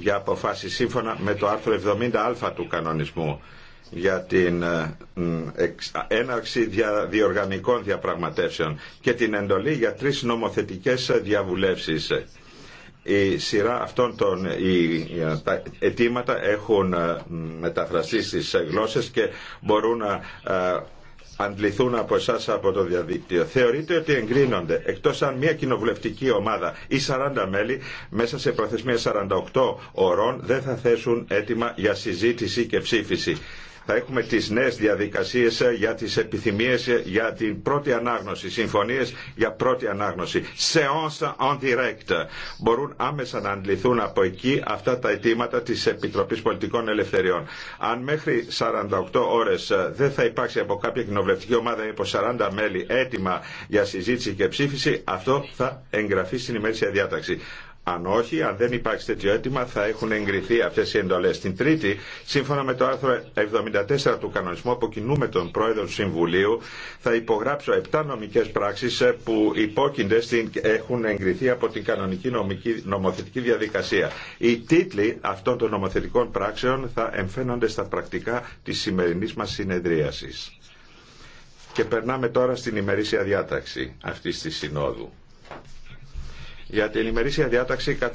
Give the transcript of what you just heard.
για αποφάσεις σύμφωνα με το άρθρο 70α του κανονισμού για την ε, έναρξη διοργανικών διαπραγματεύσεων και την εντολή για τρεις νομοθετικές διαβουλεύσεις. Η σειρά αυτών των οι, έχουν ε, μεταφραστεί στις γλώσσες και μπορούν να ε, αντληθούν από εσά από το διαδίκτυο. Θεωρείτε ότι εγκρίνονται εκτό αν μια κοινοβουλευτική ομάδα ή 40 μέλη μέσα σε προθεσμία 48 ωρών δεν θα θέσουν έτοιμα για συζήτηση και ψήφιση θα έχουμε τις νέες διαδικασίες για τις επιθυμίες για την πρώτη ανάγνωση, συμφωνίες για πρώτη ανάγνωση. Seance on direct. Μπορούν άμεσα να αντιληθούν από εκεί αυτά τα αιτήματα της Επιτροπής Πολιτικών Ελευθεριών. Αν μέχρι 48 ώρες δεν θα υπάρξει από κάποια κοινοβουλευτική ομάδα ή από 40 μέλη έτοιμα για συζήτηση και ψήφιση, αυτό θα εγγραφεί στην ημερήσια διάταξη. Αν όχι, αν δεν υπάρξει τέτοιο αίτημα, θα έχουν εγκριθεί αυτέ οι εντολέ. Την Τρίτη, σύμφωνα με το άρθρο 74 του κανονισμού, που τον πρόεδρο του Συμβουλίου, θα υπογράψω 7 νομικέ πράξει ε, που υπόκεινται στην, έχουν εγκριθεί από την κανονική νομική, νομοθετική διαδικασία. Οι τίτλοι αυτών των νομοθετικών πράξεων θα εμφαίνονται στα πρακτικά τη σημερινή μα συνεδρίαση. Και περνάμε τώρα στην ημερήσια διάταξη αυτή τη Συνόδου για την ημερήσια διάταξη